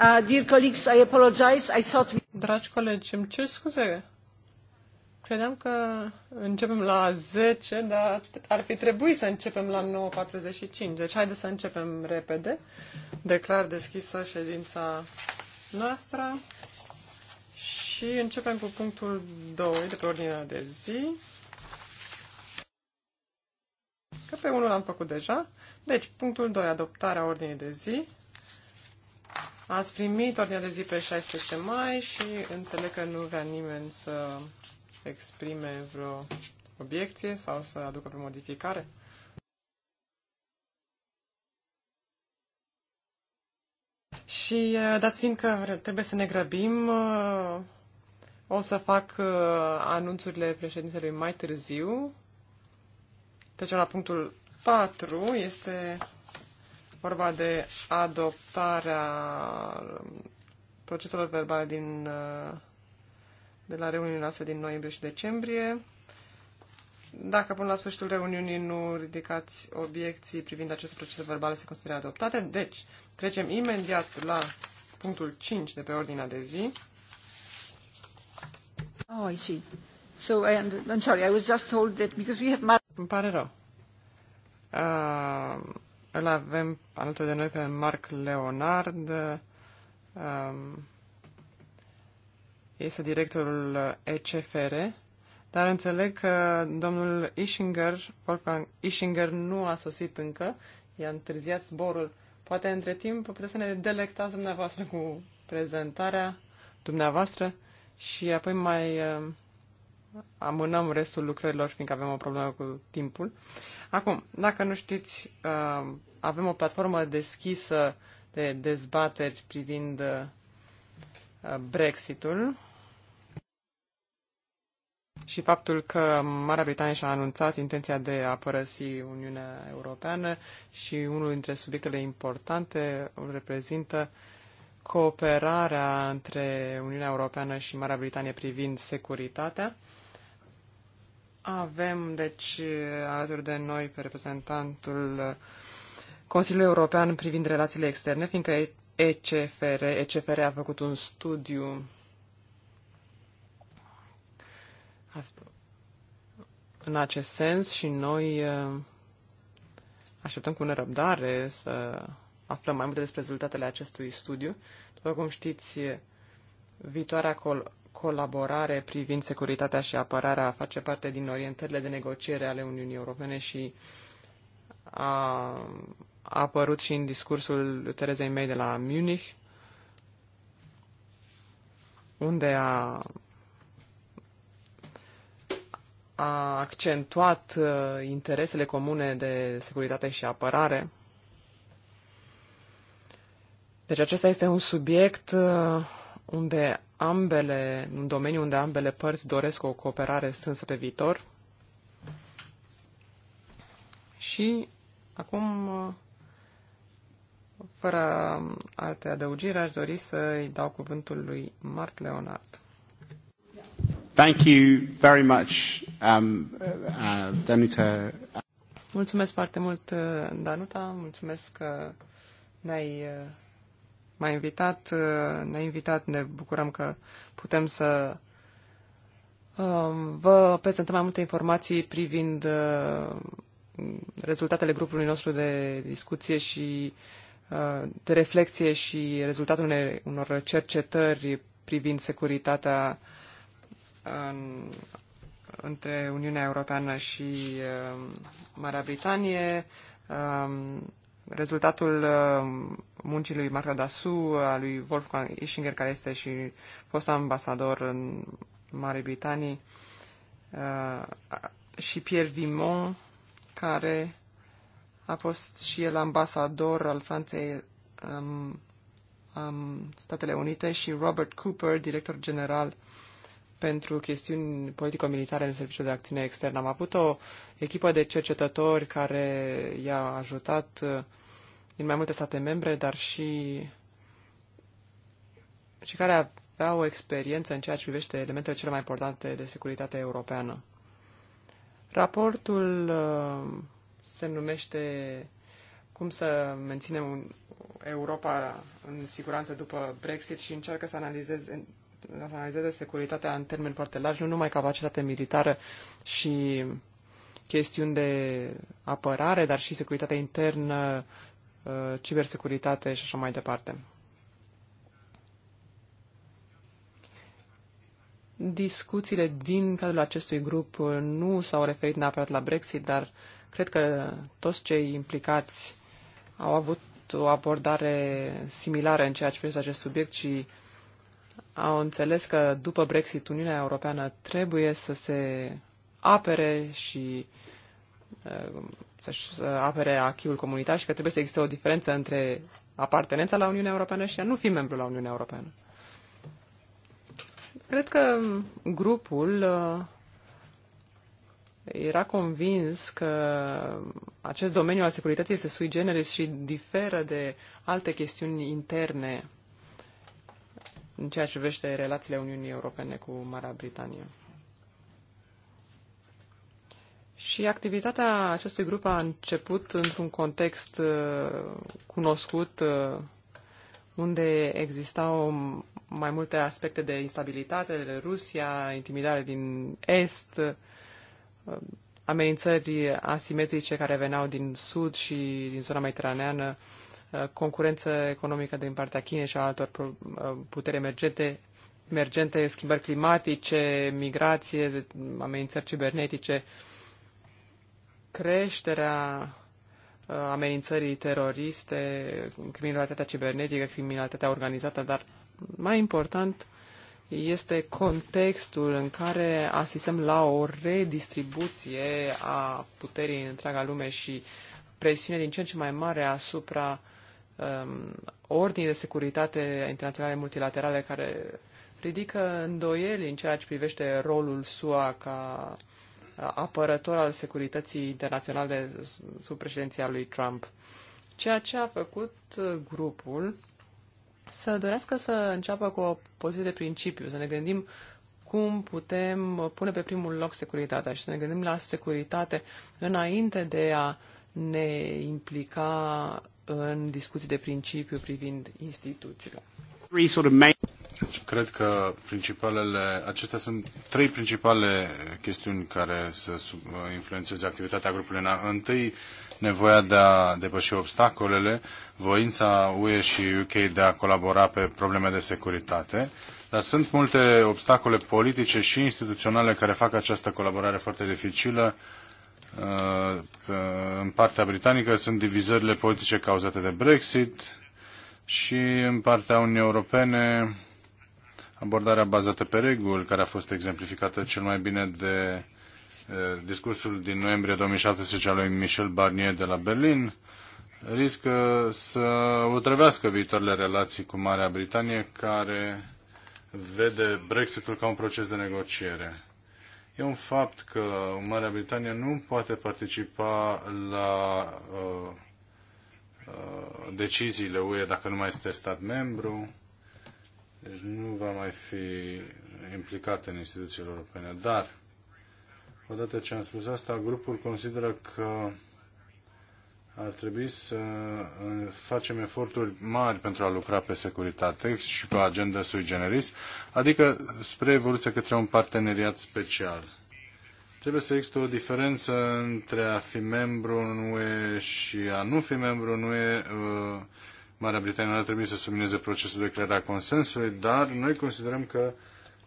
Uh, dear colleagues, I apologize. I thought... Dragi colegi, îmi cer scuze. Credeam că începem la 10, dar ar fi trebuit să începem la 9.45. Deci haideți să începem repede. Declar deschisă ședința noastră și începem cu punctul 2 de pe ordinea de zi. Că pe unul l-am făcut deja. Deci, punctul 2, adoptarea ordinii de zi. Ați primit ordinea de zi pe 16 mai și înțeleg că nu vrea nimeni să exprime vreo obiecție sau să aducă vreo modificare. Și eh, dat fiind că trebuie să ne grăbim, eh, o să fac eh, anunțurile președintelui mai târziu. deci la punctul 4. Este vorba de adoptarea proceselor verbale din, uh, de la reuniunile noastre din noiembrie și decembrie. Dacă până la sfârșitul reuniunii nu ridicați obiecții privind aceste procese verbale, se consideră adoptate. Deci, trecem imediat la punctul 5 de pe ordinea de zi. Oh, I see. So, I am, I'm sorry, I was just told that because we have... Îmi pare rău. Uh, îl avem alături de noi pe Marc Leonard. Um, este directorul ECFR, dar înțeleg că domnul Ishinger, Wolfgang Ishinger, nu a sosit încă, i-a întârziat zborul. Poate între timp puteți să ne delectați dumneavoastră cu prezentarea dumneavoastră și apoi mai um, amânăm restul lucrărilor, fiindcă avem o problemă cu timpul. Acum, dacă nu știți, uh, avem o platformă deschisă de dezbateri privind uh, Brexitul și faptul că Marea Britanie și-a anunțat intenția de a părăsi Uniunea Europeană și unul dintre subiectele importante îl reprezintă cooperarea între Uniunea Europeană și Marea Britanie privind securitatea. Avem, deci, alături de noi pe reprezentantul Consiliului European privind relațiile externe, fiindcă ECFR, ECFR a făcut un studiu în acest sens și noi uh, așteptăm cu nerăbdare să aflăm mai multe despre rezultatele acestui studiu. După cum știți, viitoarea col- colaborare privind securitatea și apărarea face parte din orientările de negociere ale Uniunii Europene și a, a apărut și în discursul Terezei May de la Munich, unde a, a accentuat uh, interesele comune de securitate și apărare. Deci acesta este un subiect uh, unde ambele, un domeniu unde ambele părți doresc o cooperare strânsă pe viitor. Și acum, fără alte adăugiri, aș dori să îi dau cuvântul lui Mark Leonard. Thank you very much, um, uh, Danuta. Mulțumesc foarte mult, uh, Danuta. Mulțumesc că ne-ai uh, m-a invitat, uh, ne-a invitat, ne bucurăm că putem să um, vă prezentăm mai multe informații privind uh, rezultatele grupului nostru de discuție și uh, de reflexie și rezultatul unor cercetări privind securitatea în, între Uniunea Europeană și Marea Britanie. Um, rezultatul uh, muncii lui Marco Dasu, a lui Wolfgang Ischinger, care este și fost ambasador în Marea Britanie, uh, și Pierre Vimon, care a fost și el ambasador al Franței în um, Statele Unite, și Robert Cooper, director general pentru chestiuni politico-militare în Serviciul de Acțiune Externă. Am avut o echipă de cercetători care i-a ajutat uh, din mai multe state membre, dar și, și care avea o experiență în ceea ce privește elementele cele mai importante de securitate europeană. Raportul uh, se numește Cum să menținem Europa în siguranță după Brexit și încearcă să analizeze analizeze securitatea în termeni foarte largi, nu numai capacitate militară și chestiuni de apărare, dar și securitate internă, uh, cibersecuritate și așa mai departe. Discuțiile din cadrul acestui grup nu s-au referit neapărat la Brexit, dar cred că toți cei implicați au avut o abordare similară în ceea ce privește acest subiect și au înțeles că după Brexit Uniunea Europeană trebuie să se apere și uh, să apere achiul comunitar și că trebuie să existe o diferență între apartenența la Uniunea Europeană și a nu fi membru la Uniunea Europeană. Cred că grupul uh, era convins că acest domeniu al securității este sui generis și diferă de alte chestiuni interne în ceea ce privește relațiile Uniunii Europene cu Marea Britanie. Și activitatea acestui grup a început într-un context uh, cunoscut uh, unde existau mai multe aspecte de instabilitate, Rusia, intimidare din Est, uh, amenințări asimetrice care veneau din Sud și din zona mediteraneană, Uh, concurență economică din partea Chinei și a altor uh, puteri emergente, emergente schimbări climatice, migrație, amenințări cibernetice, creșterea uh, amenințării teroriste, criminalitatea cibernetică, criminalitatea organizată, dar mai important este contextul în care asistăm la o redistribuție a puterii în întreaga lume și presiune din ce în ce mai mare asupra uh, Um, ordinii de securitate internaționale multilaterale care ridică îndoieli în ceea ce privește rolul SUA ca uh, apărător al securității internaționale sub președinția lui Trump. Ceea ce a făcut uh, grupul să dorească să înceapă cu o poziție de principiu, să ne gândim cum putem pune pe primul loc securitatea și să ne gândim la securitate înainte de a ne implica în discuții de principiu privind instituțiile. Deci, cred că principalele, acestea sunt trei principale chestiuni care să influențeze activitatea grupului. Întâi, nevoia de a depăși obstacolele, voința UE și UK de a colabora pe probleme de securitate, dar sunt multe obstacole politice și instituționale care fac această colaborare foarte dificilă în partea britanică sunt divizările politice cauzate de Brexit și în partea Uniunii Europene abordarea bazată pe reguli, care a fost exemplificată cel mai bine de discursul din noiembrie 2017 al lui Michel Barnier de la Berlin, riscă să otrăvească viitoarele relații cu Marea Britanie, care vede Brexitul ca un proces de negociere. E un fapt că Marea Britanie nu poate participa la uh, uh, deciziile UE dacă nu mai este stat membru, deci nu va mai fi implicat în instituțiile europene. Dar, odată ce am spus asta, grupul consideră că ar trebui să uh, facem eforturi mari pentru a lucra pe securitate și pe agenda sui generis, adică spre evoluție către un parteneriat special. Trebuie să există o diferență între a fi membru în UE și a nu fi membru în UE. Uh, Marea Britanie ar trebui să submineze procesul de creare a consensului, dar noi considerăm că uh,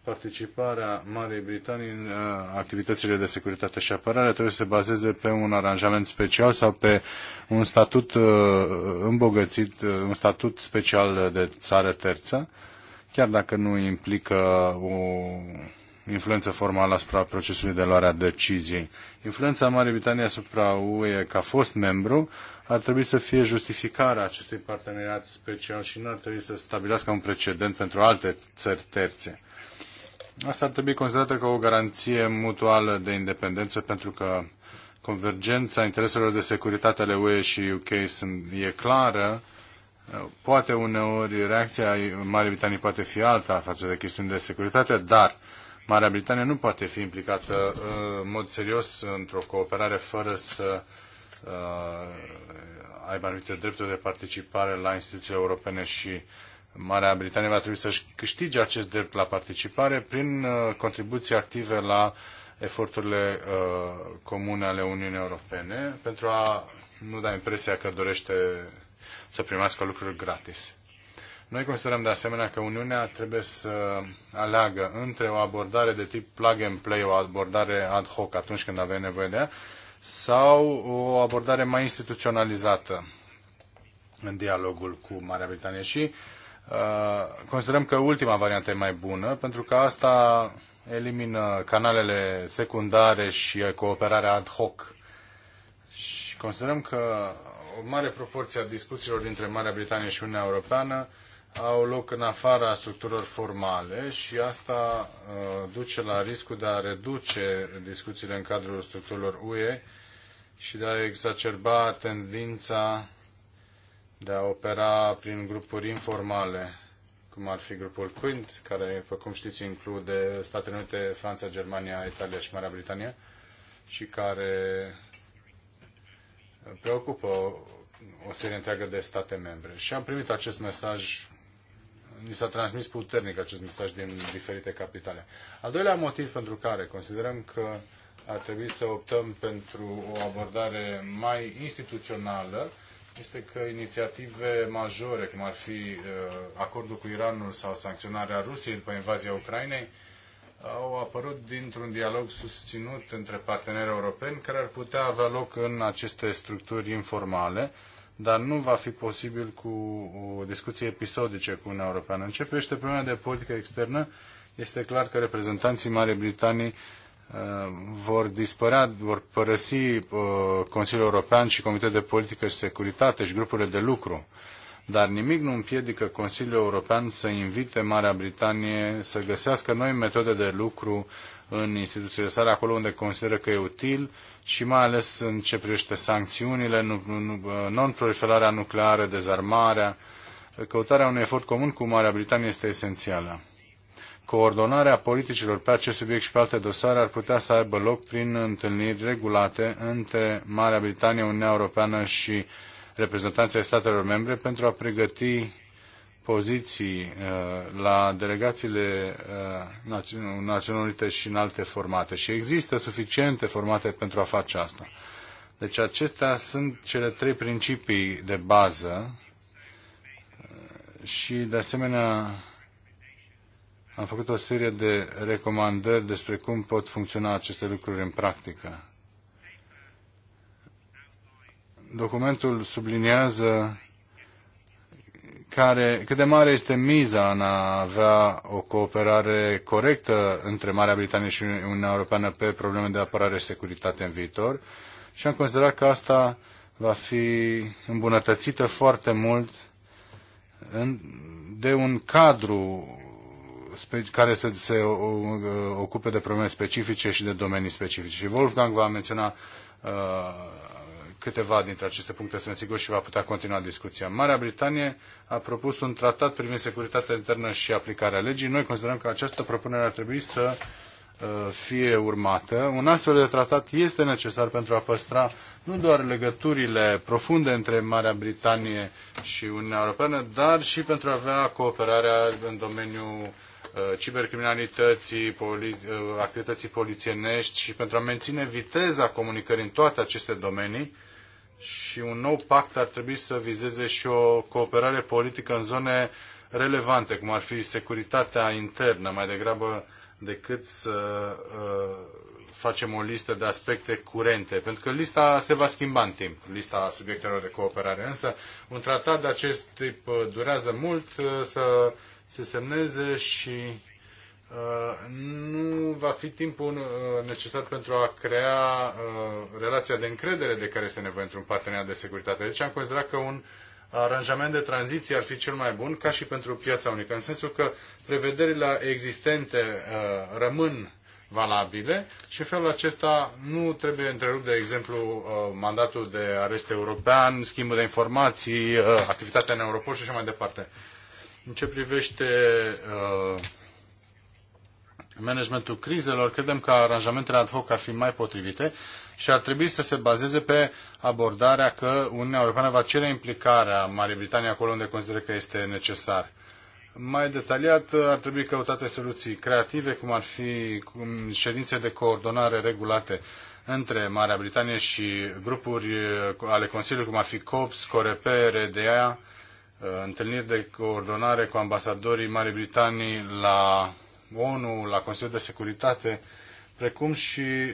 participarea Marii Britanii în uh, activitățile de securitate și apărare trebuie să se bazeze pe un aranjament special sau pe un statut uh, îmbogățit, uh, un statut special de țară terță, chiar dacă nu implică o influență formală asupra procesului de luare a deciziei. Influența Marii Britanii asupra UE ca fost membru ar trebui să fie justificarea acestui parteneriat special și nu ar trebui să stabilească un precedent pentru alte țări terțe. Asta ar trebui considerată ca o garanție mutuală de independență, pentru că convergența intereselor de securitate ale UE și UK sunt, e clară. Poate uneori reacția Marii Britanii poate fi alta față de chestiuni de securitate, dar Marea Britanie nu poate fi implicată uh, în mod serios într-o cooperare fără să uh, aibă anumite drepturi de participare la instituțiile europene și Marea Britanie va trebui să-și câștige acest drept la participare prin uh, contribuții active la eforturile uh, comune ale Uniunii Europene pentru a nu da impresia că dorește să primească lucruri gratis. Noi considerăm de asemenea că Uniunea trebuie să aleagă între o abordare de tip plug and play, o abordare ad hoc atunci când avem nevoie de ea, sau o abordare mai instituționalizată în dialogul cu Marea Britanie. Și Uh, considerăm că ultima variantă e mai bună, pentru că asta elimină canalele secundare și cooperarea ad hoc. Și considerăm că o mare proporție a discuțiilor dintre Marea Britanie și Uniunea Europeană au loc în afara structurilor formale și asta uh, duce la riscul de a reduce discuțiile în cadrul structurilor UE și de a exacerba tendința de a opera prin grupuri informale, cum ar fi grupul Quint, care, după cum știți, include Statele Unite, Franța, Germania, Italia și Marea Britanie, și care preocupă o serie întreagă de state membre. Și am primit acest mesaj, ni s-a transmis puternic acest mesaj din diferite capitale. Al doilea motiv pentru care considerăm că ar trebui să optăm pentru o abordare mai instituțională este că inițiative majore, cum ar fi uh, acordul cu Iranul sau sancționarea Rusiei după invazia Ucrainei, au apărut dintr-un dialog susținut între parteneri europeni care ar putea avea loc în aceste structuri informale, dar nu va fi posibil cu o discuție episodice cu Uniunea Europeană. Începește problema de politică externă. Este clar că reprezentanții Marii Britanii Uh, vor dispărea, vor părăsi uh, Consiliul European și Comitetul de Politică și Securitate și grupurile de lucru. Dar nimic nu împiedică Consiliul European să invite Marea Britanie să găsească noi metode de lucru în instituțiile sale, acolo unde consideră că e util și mai ales în ce privește sancțiunile, uh, non-proliferarea nucleară, dezarmarea. Căutarea unui efort comun cu Marea Britanie este esențială coordonarea politicilor pe acest subiect și pe alte dosare ar putea să aibă loc prin întâlniri regulate între Marea Britanie, Uniunea Europeană și reprezentanții statelor membre pentru a pregăti poziții uh, la delegațiile uh, Națiunilor Unite și în alte formate. Și există suficiente formate pentru a face asta. Deci acestea sunt cele trei principii de bază uh, și, de asemenea, am făcut o serie de recomandări despre cum pot funcționa aceste lucruri în practică. Documentul subliniază care, cât de mare este miza în a avea o cooperare corectă între Marea Britanie și Uniunea Europeană pe probleme de apărare și securitate în viitor și am considerat că asta va fi îmbunătățită foarte mult în, de un cadru care să se uh, ocupe de probleme specifice și de domenii specifice. Și Wolfgang va menționa uh, câteva dintre aceste puncte, sunt sigur, și va putea continua discuția. Marea Britanie a propus un tratat privind securitatea internă și aplicarea legii. Noi considerăm că această propunere ar trebui să uh, fie urmată. Un astfel de tratat este necesar pentru a păstra nu doar legăturile profunde între Marea Britanie și Uniunea Europeană, dar și pentru a avea cooperarea în domeniul Uh, cibercriminalității, poli, uh, activității polițienești și pentru a menține viteza comunicării în toate aceste domenii și un nou pact ar trebui să vizeze și o cooperare politică în zone relevante, cum ar fi securitatea internă, mai degrabă decât să uh, facem o listă de aspecte curente, pentru că lista se va schimba în timp, lista subiectelor de cooperare. Însă, un tratat de acest tip uh, durează mult să se semneze și uh, nu va fi timpul uh, necesar pentru a crea uh, relația de încredere de care este nevoie într-un parteneriat de securitate. Deci am considerat că un aranjament de tranziție ar fi cel mai bun, ca și pentru piața unică, în sensul că prevederile existente rămân valabile și în felul acesta nu trebuie întrerupt, de exemplu, mandatul de arest european, schimbul de informații, activitatea în Europol și așa mai departe. În ce privește uh, managementul crizelor, credem că aranjamentele ad hoc ar fi mai potrivite și ar trebui să se bazeze pe abordarea că Uniunea Europeană va cere implicarea Marii Britanii acolo unde consideră că este necesar. Mai detaliat uh, ar trebui căutate soluții creative, cum ar fi ședințe de coordonare regulate între Marea Britanie și grupuri uh, ale Consiliului, cum ar fi COPS, Corepere, DEA, Uh, întâlniri de coordonare cu ambasadorii Marii Britanii la ONU, la Consiliul de Securitate, precum și uh,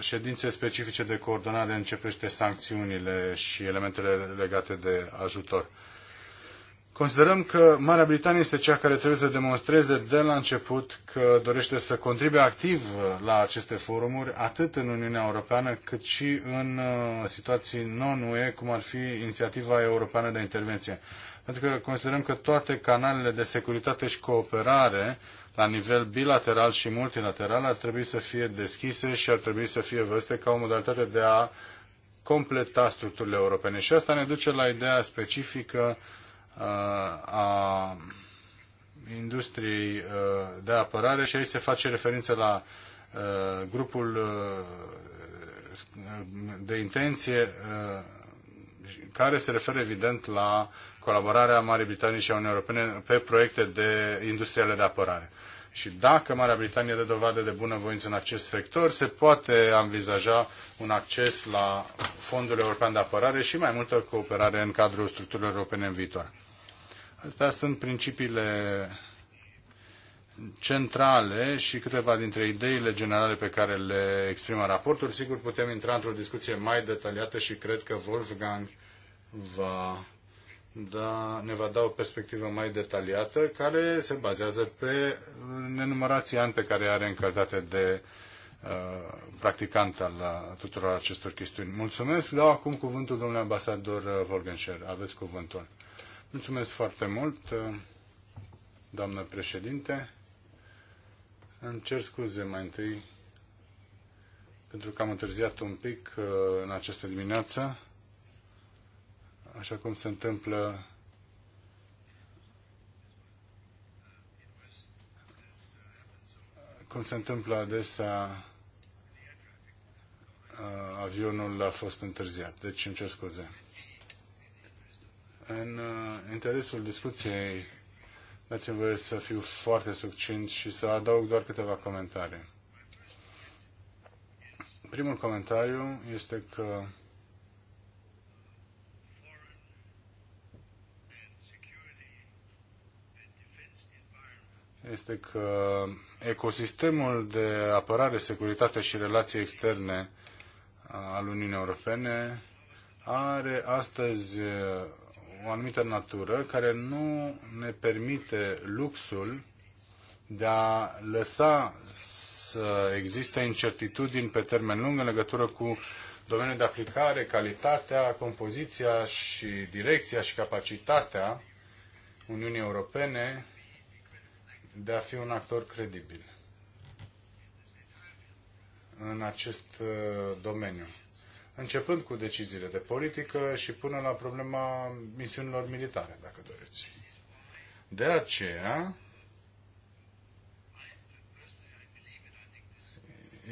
ședințe specifice de coordonare în ce sancțiunile și elementele legate de ajutor. Considerăm că Marea Britanie este cea care trebuie să demonstreze de la început că dorește să contribuie activ la aceste forumuri, atât în Uniunea Europeană, cât și în uh, situații non-UE, cum ar fi Inițiativa Europeană de Intervenție. Pentru că considerăm că toate canalele de securitate și cooperare, la nivel bilateral și multilateral, ar trebui să fie deschise și ar trebui să fie văzute ca o modalitate de a completa structurile europene. Și asta ne duce la ideea specifică a industriei uh, de apărare și aici se face referință la uh, grupul uh, de intenție care se referă evident la colaborarea Marii Britanii și a Uniunii Europene pe proiecte de industriale de apărare. Și dacă Marea Britanie dă dovadă de bunăvoință în acest sector, se poate anvizaja un acces la fondurile european de apărare și mai multă cooperare în cadrul structurilor europene în viitoare. Astea sunt principiile centrale și câteva dintre ideile generale pe care le exprimă raportul. Sigur, putem intra într-o discuție mai detaliată și cred că Wolfgang va da, ne va da o perspectivă mai detaliată care se bazează pe nenumărații ani pe care are în calitate de uh, practicant al tuturor acestor chestiuni. Mulțumesc, dau acum cuvântul domnului ambasador Volgenscher. Uh, Aveți cuvântul. Mulțumesc foarte mult, doamnă președinte. Îmi cer scuze mai întâi pentru că am întârziat un pic uh, în această dimineață, așa cum se întâmplă cum se întâmplă adesea uh, avionul a fost întârziat, deci îmi cer scuze. În uh, interesul discuției, dați-mi voie să fiu foarte succint și să adaug doar câteva comentarii. Primul comentariu este că este că ecosistemul de apărare, securitate și relații externe uh, al Uniunii Europene are astăzi uh, o anumită natură care nu ne permite luxul de a lăsa să existe incertitudini pe termen lung în legătură cu domeniul de aplicare, calitatea, compoziția și direcția și capacitatea Uniunii Europene de a fi un actor credibil în acest uh, domeniu începând cu deciziile de politică și până la problema misiunilor militare, dacă doriți. De aceea,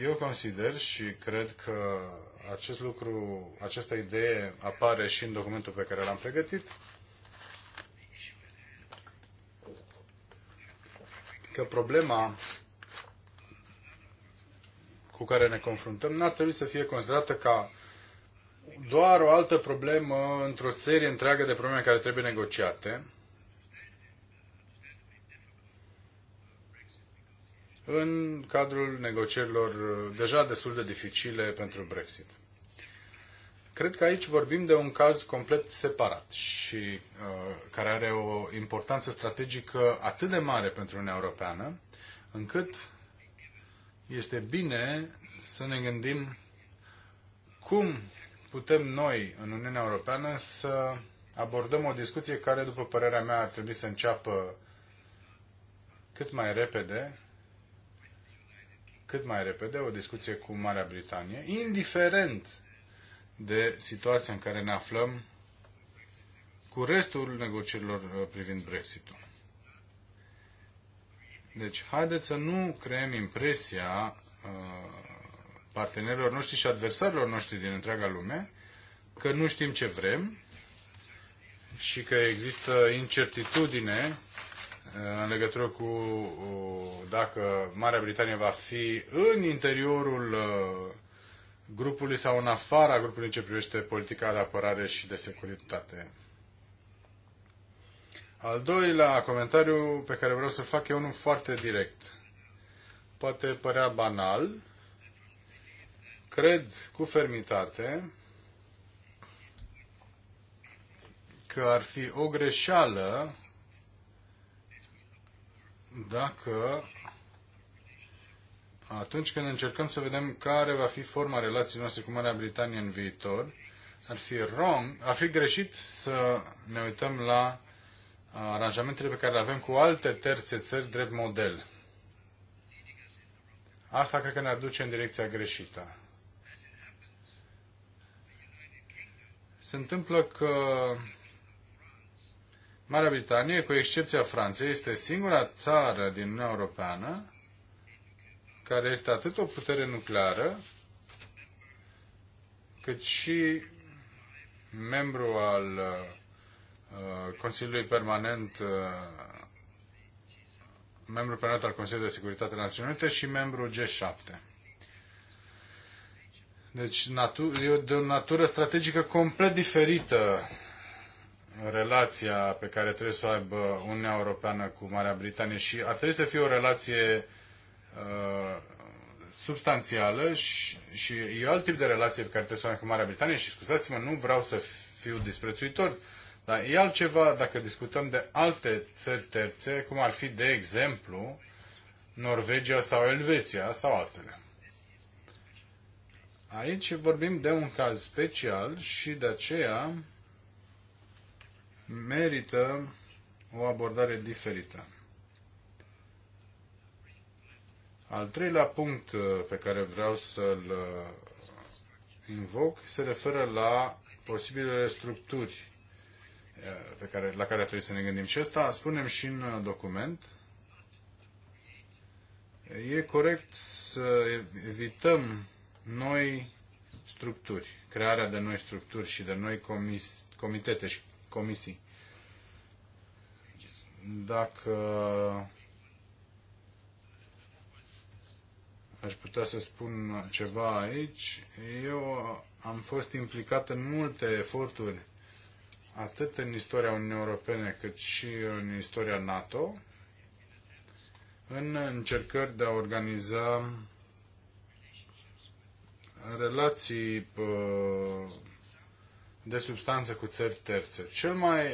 eu consider și cred că acest lucru, această idee apare și în documentul pe care l-am pregătit, că problema cu care ne confruntăm n-ar trebui să fie considerată ca doar o altă problemă într-o serie întreagă de probleme care trebuie negociate. în cadrul negocierilor deja destul de dificile pentru Brexit. Cred că aici vorbim de un caz complet separat și uh, care are o importanță strategică atât de mare pentru Uniunea Europeană, încât este bine să ne gândim cum putem noi, în Uniunea Europeană, să abordăm o discuție care, după părerea mea, ar trebui să înceapă cât mai repede, cât mai repede, o discuție cu Marea Britanie, indiferent de situația în care ne aflăm cu restul negocierilor uh, privind Brexitul. Deci, haideți să nu creăm impresia uh, partenerilor noștri și adversarilor noștri din întreaga lume că nu știm ce vrem și că există incertitudine uh, în legătură cu uh, dacă Marea Britanie va fi în interiorul uh, grupului sau în afara grupului în ce privește politica de apărare și de securitate. Al doilea comentariu pe care vreau să l fac e unul foarte direct. Poate părea banal, cred cu fermitate că ar fi o greșeală dacă atunci când încercăm să vedem care va fi forma relației noastre cu Marea Britanie în viitor, ar fi wrong, ar fi greșit să ne uităm la aranjamentele pe care le avem cu alte terțe țări drept model. Asta cred că ne-ar duce în direcția greșită. se întâmplă că Marea Britanie, cu excepția Franței, este singura țară din Uniunea Europeană care este atât o putere nucleară, cât și membru al uh, Consiliului Permanent, uh, membru permanent al Consiliului de Securitate Națiunilor și membru G7. Deci natu- e de o natură strategică complet diferită relația pe care trebuie să o aibă Uniunea Europeană cu Marea Britanie și ar trebui să fie o relație uh, substanțială și, și e alt tip de relație pe care trebuie să o aibă cu Marea Britanie și scuzați-mă, nu vreau să fiu disprețuitor, dar e altceva dacă discutăm de alte țări terțe, cum ar fi, de exemplu, Norvegia sau Elveția sau altele. Aici vorbim de un caz special și de aceea merită o abordare diferită. Al treilea punct uh, pe care vreau să-l uh, invoc se referă la posibilele structuri uh, pe care, la care trebuie să ne gândim. Și asta spunem și în document. E corect să evităm noi structuri, crearea de noi structuri și de noi comis, comitete și comisii. Dacă aș putea să spun ceva aici, eu am fost implicat în multe eforturi, atât în istoria Uniunii Europene, cât și în istoria NATO, în încercări de a organiza relații de substanță cu țări terțe. Cel mai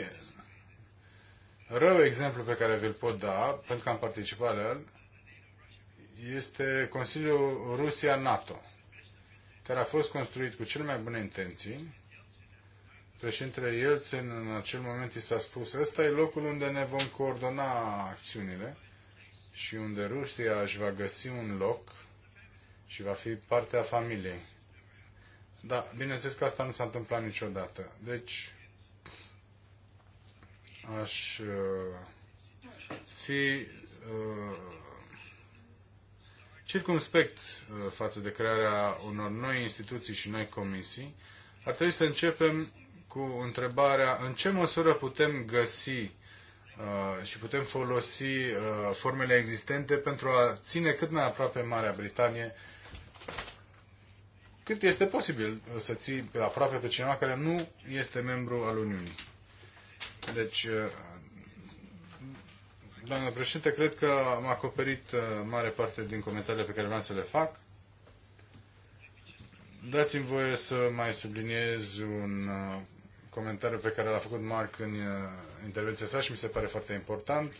rău exemplu pe care vi-l pot da, pentru că am participat la el, este Consiliul Rusia-NATO, care a fost construit cu cele mai bune intenții. Președintele Yeltsin în acel moment i s-a spus, ăsta e locul unde ne vom coordona acțiunile și unde Rusia își va găsi un loc și va fi parte a familiei. Da, bineînțeles că asta nu s-a întâmplat niciodată. Deci, aș uh, fi uh, circumspect uh, față de crearea unor noi instituții și noi comisii. Ar trebui să începem cu întrebarea în ce măsură putem găsi uh, și putem folosi uh, formele existente pentru a ține cât mai aproape Marea Britanie cât este posibil să ții pe aproape pe cineva care nu este membru al Uniunii. Deci, uh, doamnă președinte, cred că am acoperit uh, mare parte din comentariile pe care vreau să le fac. Dați-mi voie să mai subliniez un uh, comentariu pe care l-a făcut Mark în intervenția sa și mi se pare foarte important.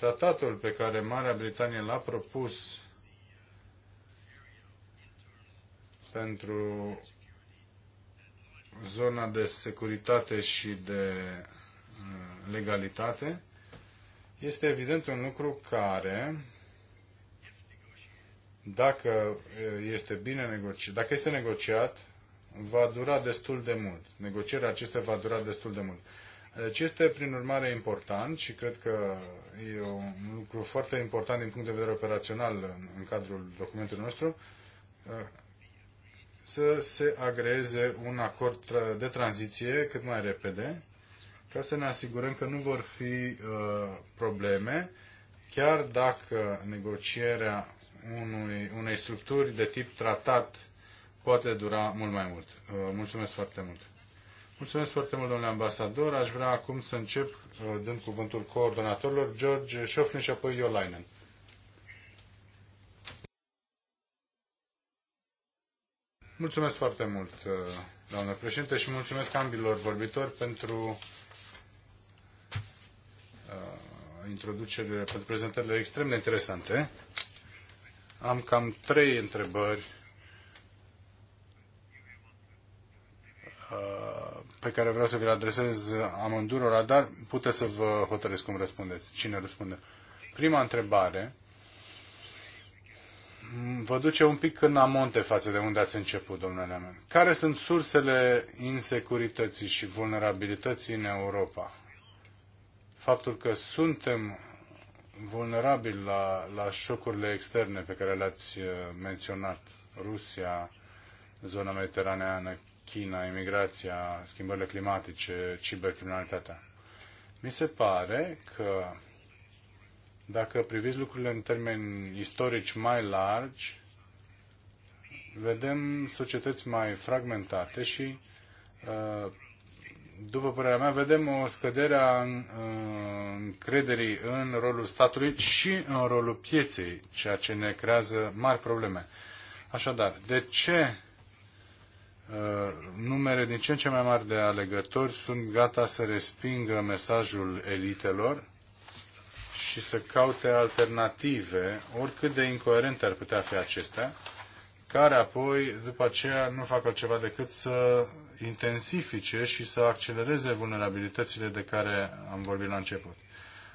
Tratatul pe care Marea Britanie l-a propus pentru zona de securitate și de uh, legalitate este evident un lucru care dacă uh, este bine negociat, dacă este negociat, va dura destul de mult. Negocierea acestea va dura destul de mult. Deci este, prin urmare, important și cred că e un lucru foarte important din punct de vedere operațional în, în cadrul documentului nostru, uh, să se agreze un acord de tranziție cât mai repede, ca să ne asigurăm că nu vor fi uh, probleme, chiar dacă negocierea unui, unei structuri de tip tratat poate dura mult mai mult. Uh, mulțumesc foarte mult! Mulțumesc foarte mult, domnule ambasador. Aș vrea acum să încep Uh, dând cuvântul coordonatorilor, George Șoflin și apoi Iolainen. Mulțumesc foarte mult, uh, doamnă președinte, și mulțumesc ambilor vorbitori pentru uh, introducerile, pentru prezentările extrem de interesante. Am cam trei întrebări pe care vreau să vi-l adresez amândurora, dar puteți să vă hotărâți cum răspundeți, cine răspunde. Prima întrebare vă duce un pic în amonte față de unde ați început, domnule Leamen. Care sunt sursele insecurității și vulnerabilității în Europa? Faptul că suntem vulnerabili la, la șocurile externe pe care le-ați eh, menționat, Rusia, zona mediteraneană, China, imigrația, schimbările climatice, cibercriminalitatea. Mi se pare că dacă priviți lucrurile în termeni istorici mai largi, vedem societăți mai fragmentate și, uh, după părerea mea, vedem o scădere a uh, încrederii în rolul statului și în rolul pieței, ceea ce ne creează mari probleme. Așadar, de ce Uh, numere din ce în ce mai mari de alegători sunt gata să respingă mesajul elitelor și să caute alternative, oricât de incoerente ar putea fi acestea, care apoi, după aceea, nu fac altceva decât să intensifice și să accelereze vulnerabilitățile de care am vorbit la început.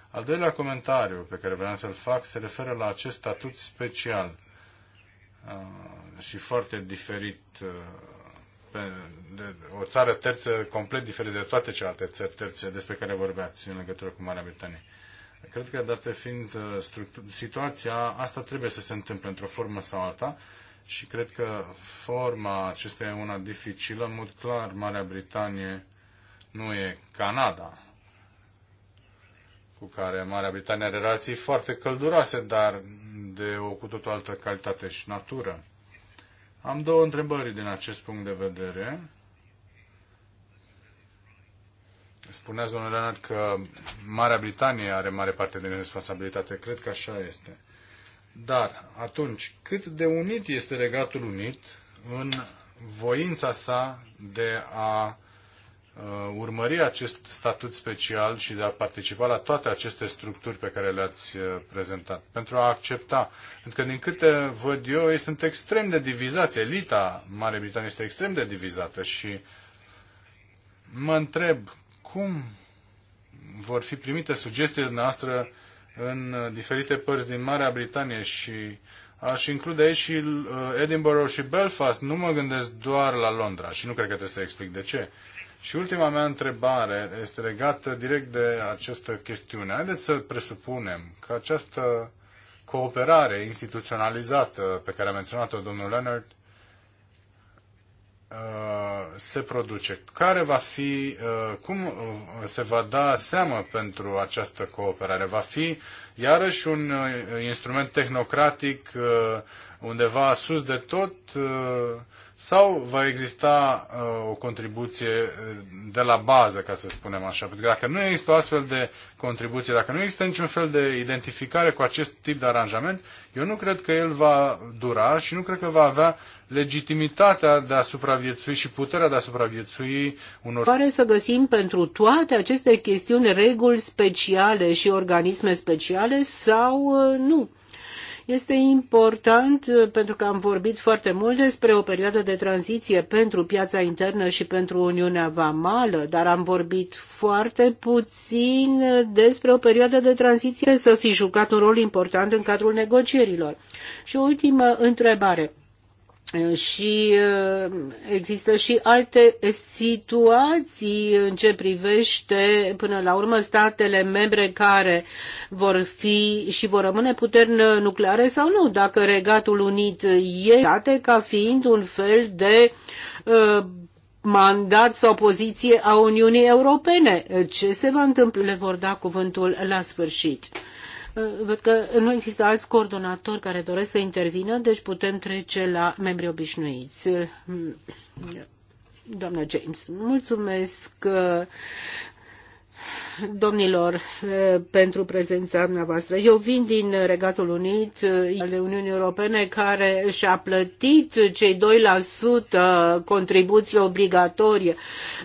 Al doilea comentariu pe care vreau să-l fac se referă la acest statut special uh, și foarte diferit uh, de o țară terță complet diferită de toate celelalte țări terțe despre care vorbeați în legătură cu Marea Britanie. Cred că, dată fiind uh, situația, asta trebuie să se întâmple într-o formă sau alta și cred că forma acesta e una dificilă. În mod clar, Marea Britanie nu e Canada, cu care Marea Britanie are relații foarte călduroase, dar de o cu totul altă calitate și natură. Am două întrebări din acest punct de vedere. Spuneați, domnule Leonard, că Marea Britanie are mare parte din responsabilitate. Cred că așa este. Dar, atunci, cât de unit este Regatul Unit în voința sa de a Uh, urmări acest statut special și de a participa la toate aceste structuri pe care le-ați uh, prezentat, pentru a accepta. Pentru că, din câte văd eu, ei sunt extrem de divizați. Elita Mare Britanie este extrem de divizată și mă întreb cum vor fi primite sugestiile noastre în uh, diferite părți din Marea Britanie și aș include aici și Edinburgh și Belfast. Nu mă gândesc doar la Londra și nu cred că trebuie să explic de ce și ultima mea întrebare este legată direct de această chestiune. Haideți să presupunem că această cooperare instituționalizată pe care a menționat-o domnul Leonard uh, se produce? Care va fi, uh, cum uh, se va da seamă pentru această cooperare? Va fi iarăși un instrument tehnocratic undeva sus de tot sau va exista uh, o contribuție uh, de la bază, ca să spunem așa. Pentru că dacă nu există o astfel de contribuție, dacă nu există niciun fel de identificare cu acest tip de aranjament, eu nu cred că el va dura și nu cred că va avea legitimitatea de a supraviețui și puterea de a supraviețui unor... Pare să găsim pentru toate aceste chestiuni reguli speciale și organisme speciale sau uh, nu? Este important uh, pentru că am vorbit foarte mult despre o perioadă de tranziție pentru piața internă și pentru Uniunea Vamală, dar am vorbit foarte puțin uh, despre o perioadă de tranziție să fi jucat un rol important în cadrul negocierilor. Și o ultimă întrebare și uh, există și alte situații în ce privește până la urmă statele membre care vor fi și vor rămâne puteri nucleare sau nu, dacă Regatul Unit e date ca fiind un fel de uh, mandat sau poziție a Uniunii Europene. Ce se va întâmpla? Le vor da cuvântul la sfârșit. Văd că nu există alți coordonatori care doresc să intervină, deci putem trece la membrii obișnuiți. Doamna James, mulțumesc domnilor eh, pentru prezența dumneavoastră. Eu vin din Regatul Unit eh, ale Uniunii Europene care și-a plătit cei 2% contribuție obligatorie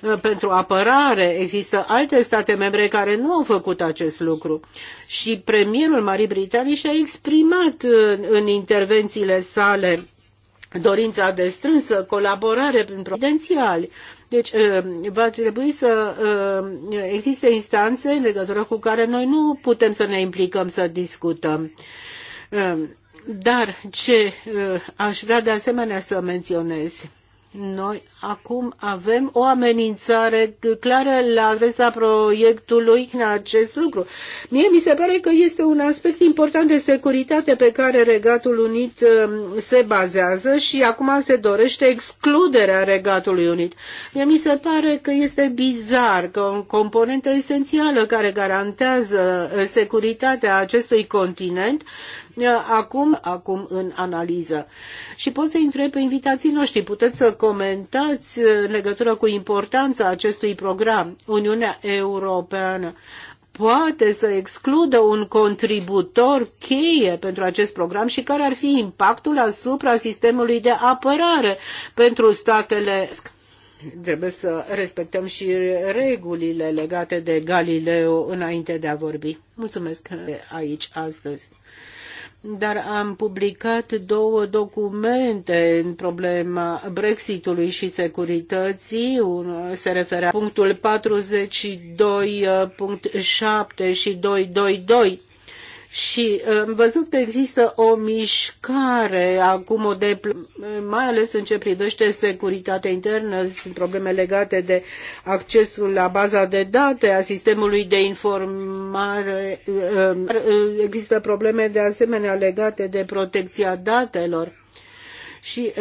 eh, pentru apărare. Există alte state membre care nu au făcut acest lucru. Și premierul Marii Britanii și-a exprimat în intervențiile sale dorința de strânsă colaborare prin providențiali. Deci uh, va trebui să uh, existe instanțe în legătură cu care noi nu putem să ne implicăm, să discutăm. Uh, dar ce aș vrea de asemenea să menționez noi acum avem o amenințare clară la adresa proiectului în acest lucru. Mie mi se pare că este un aspect important de securitate pe care Regatul Unit um, se bazează și acum se dorește excluderea Regatului Unit. Mie mi se pare că este bizar că o componentă esențială care garantează uh, securitatea acestui continent Eh, acum, acum în analiză. Și pot să întreb pe invitații noștri, puteți să comentați eh, în legătură cu importanța acestui program Uniunea Europeană poate să excludă un contributor cheie pentru acest program și care ar fi impactul asupra sistemului de apărare pentru statele. Trebuie să respectăm și regulile legate de Galileo înainte de a vorbi. Mulțumesc eh, aici astăzi dar am publicat două documente în problema Brexitului și securității. Se referea punctul 42.7 și 222 și uh, am văzut că există o mișcare acum, o mai ales în ce privește securitatea internă, sunt probleme legate de accesul la baza de date a sistemului de informare, uh, uh, există probleme de asemenea legate de protecția datelor și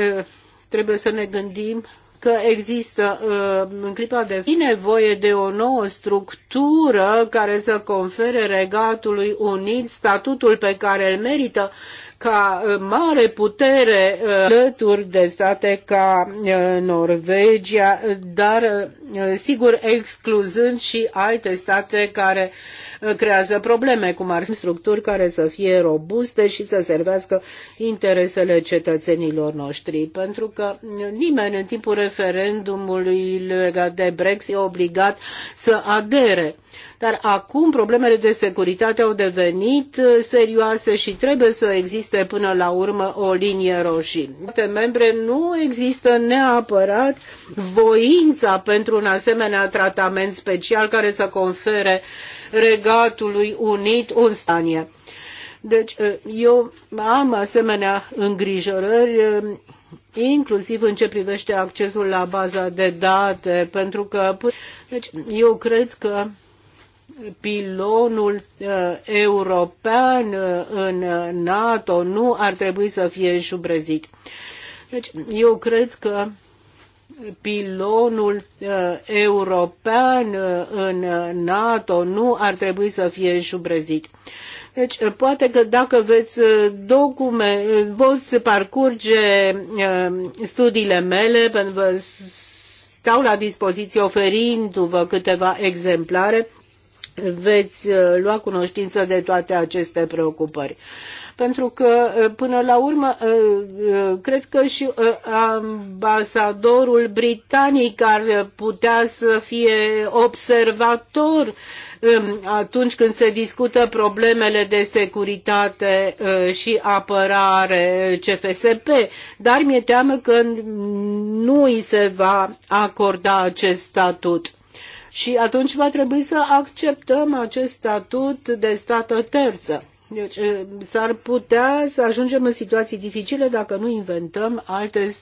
trebuie să ne gândim că există uh, în clipa de fi nevoie de o nouă structură care să confere Regatului Unit statutul pe care îl merită ca uh, mare putere uh, alături de state ca Norvegia, dar sigur excluzând și alte state care creează probleme, cum ar fi structuri care să fie robuste și să servească interesele cetățenilor noștri. Pentru că nimeni în timpul referendumului legat de Brexit e obligat să adere. Dar acum problemele de securitate au devenit serioase și trebuie să existe până la urmă o linie roșie. State membre nu există neapărat voința pentru un asemenea tratament special care să confere regal Regatului Unit, în stanie. Deci eh, eu am asemenea îngrijorări eh, inclusiv în ce privește accesul la baza de date, pentru că deci, eu cred că pilonul uh, european uh, în NATO nu ar trebui să fie șubrezit. Deci, eu cred că pilonul uh, european uh, în NATO nu ar trebui să fie șubrezit. Deci, uh, poate că dacă veți, docume, voți parcurge studiile mele, pentru că stau la dispoziție oferindu-vă câteva exemplare, veți lua cunoștință de toate aceste preocupări pentru că uh, până la urmă uh, uh, cred că și ambasadorul britanic ar putea să fie observator um, atunci când se discută problemele de securitate și apărare CFSP, dar mi-e teamă că nu îi se va acorda acest statut. Și atunci va trebui să acceptăm acest statut de stată terță. Deci s-ar putea să ajungem în situații dificile dacă nu inventăm alte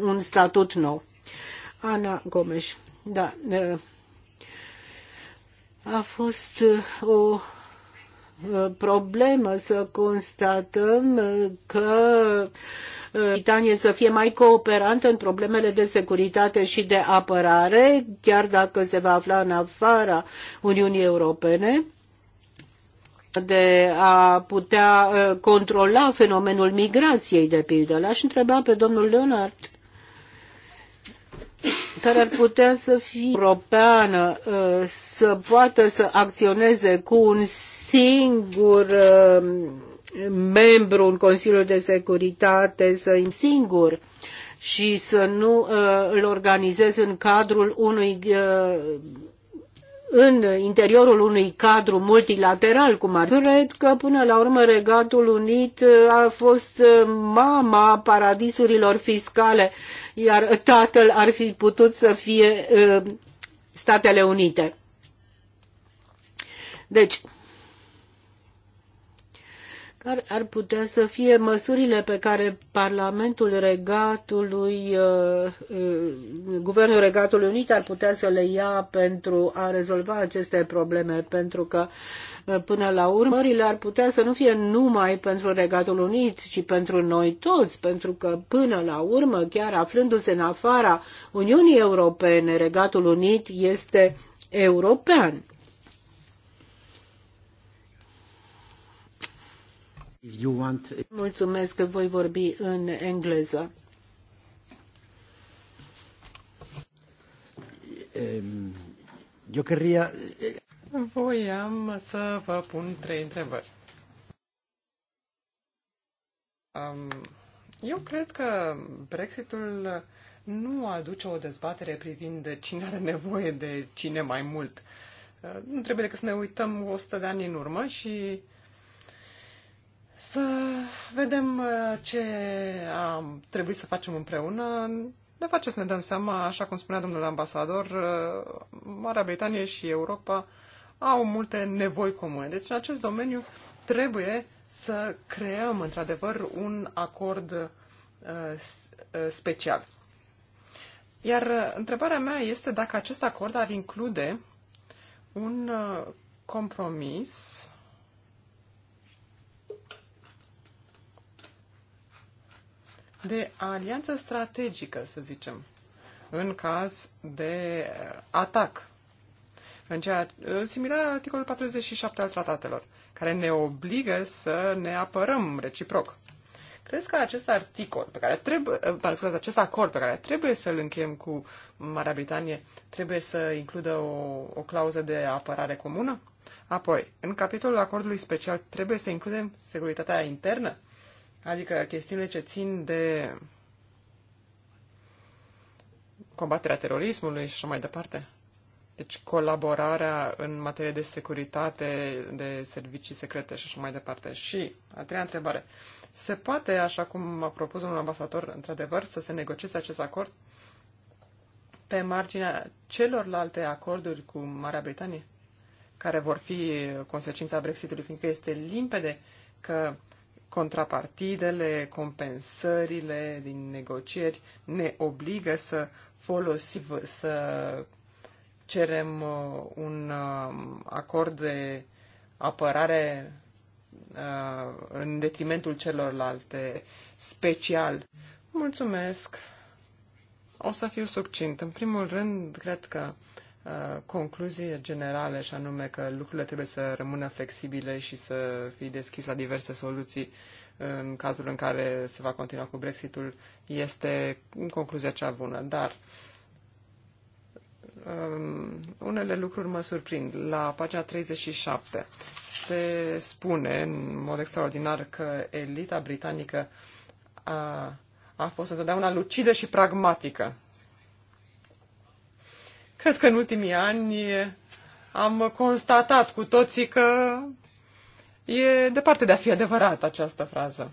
un statut nou. Ana Gomes. Da. A fost o problemă să constatăm că Britanie să fie mai cooperantă în problemele de securitate și de apărare, chiar dacă se va afla în afara Uniunii Europene de a putea uh, controla fenomenul migrației, de pildă. L-aș întreba pe domnul Leonard care ar putea să fie europeană, uh, să poată să acționeze cu un singur uh, membru în Consiliul de Securitate, să singur și să nu îl organizeze în cadrul unui în interiorul unui cadru multilateral, cum ar cred că până la urmă Regatul Unit uh, a fost uh, mama paradisurilor fiscale, iar tatăl ar fi putut să fie uh, Statele Unite. Deci, care ar putea să fie măsurile pe care Parlamentul Regatului, uh, uh, Guvernul Regatului Unit ar putea să le ia pentru a rezolva aceste probleme, pentru că uh, până la urmă ar putea să nu fie numai pentru Regatul Unit, ci pentru noi toți, pentru că până la urmă, chiar aflându-se în afara Uniunii Europene, Regatul Unit este european. Want... Mulțumesc că voi vorbi în engleză. Eu querría... Voiam să vă pun trei întrebări. Eu cred că Brexitul nu aduce o dezbatere privind cine are nevoie de cine mai mult. Nu trebuie decât să ne uităm 100 de ani în urmă și să vedem uh, ce am trebuit să facem împreună. Ne face să ne dăm seama, așa cum spunea domnul ambasador, uh, Marea Britanie și Europa au multe nevoi comune. Deci în acest domeniu trebuie să creăm într-adevăr un acord uh, special. Iar întrebarea mea este dacă acest acord ar include un compromis de alianță strategică, să zicem, în caz de uh, atac. În ceea, similar articolul 47 al tratatelor, care ne obligă să ne apărăm reciproc. Crezi că acest articol pe care trebuie, uh, scuze, acest acord pe care trebuie să-l încheiem cu Marea Britanie trebuie să includă o, o clauză de apărare comună? Apoi, în capitolul acordului special trebuie să includem securitatea internă? adică chestiunile ce țin de combaterea terorismului și așa mai departe. Deci colaborarea în materie de securitate, de servicii secrete și așa mai departe. Și a treia întrebare. Se poate, așa cum a propus un ambasador, într-adevăr, să se negocieze acest acord pe marginea celorlalte acorduri cu Marea Britanie, care vor fi consecința Brexitului, fiindcă este limpede că contrapartidele, compensările din negocieri ne obligă să folosim, să cerem uh, un uh, acord de apărare uh, în detrimentul celorlalte special. Mulțumesc! O să fiu succint. În primul rând, cred că Uh, concluzie generală și anume că lucrurile trebuie să rămână flexibile și să fie deschis la diverse soluții în cazul în care se va continua cu Brexitul este în concluzia cea bună. Dar um, unele lucruri mă surprind. La pagina 37 se spune în mod extraordinar că elita britanică a, a fost întotdeauna lucidă și pragmatică. Cred că în ultimii ani am constatat cu toții că e departe de a fi adevărat această frază.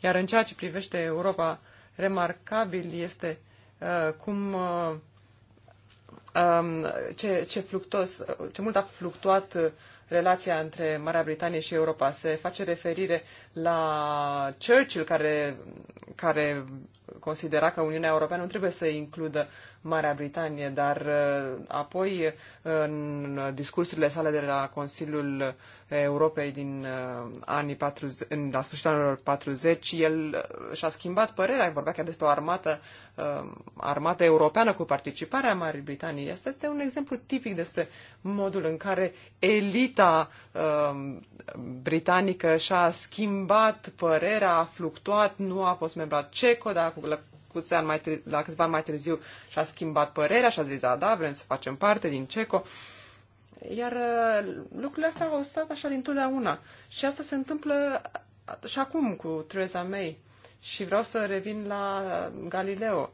Iar în ceea ce privește Europa, remarcabil este uh, cum uh, um, ce, ce, fluctos, ce mult a fluctuat relația între Marea Britanie și Europa. Se face referire la Churchill, care, care considera că Uniunea Europeană nu trebuie să includă Marea Britanie, dar uh, apoi în discursurile sale de la Consiliul Europei din uh, anii 40, în, la sfârșitul anilor 40, el uh, și-a schimbat părerea, vorbea chiar despre o armată, armată europeană cu participarea Marii Britanii. Asta este un exemplu tipic despre modul în care elita presa uh, um, britanică și-a schimbat părerea, a fluctuat, nu a fost membru al CECO, dar cu, la, câțiva ani mai, la câțiva ani mai târziu și-a schimbat părerea și a zis, da, da vrem să facem parte din CECO. Iar uh, lucrurile astea au stat așa dintotdeauna. Și asta se întâmplă și acum cu Theresa May. Și vreau să revin la Galileo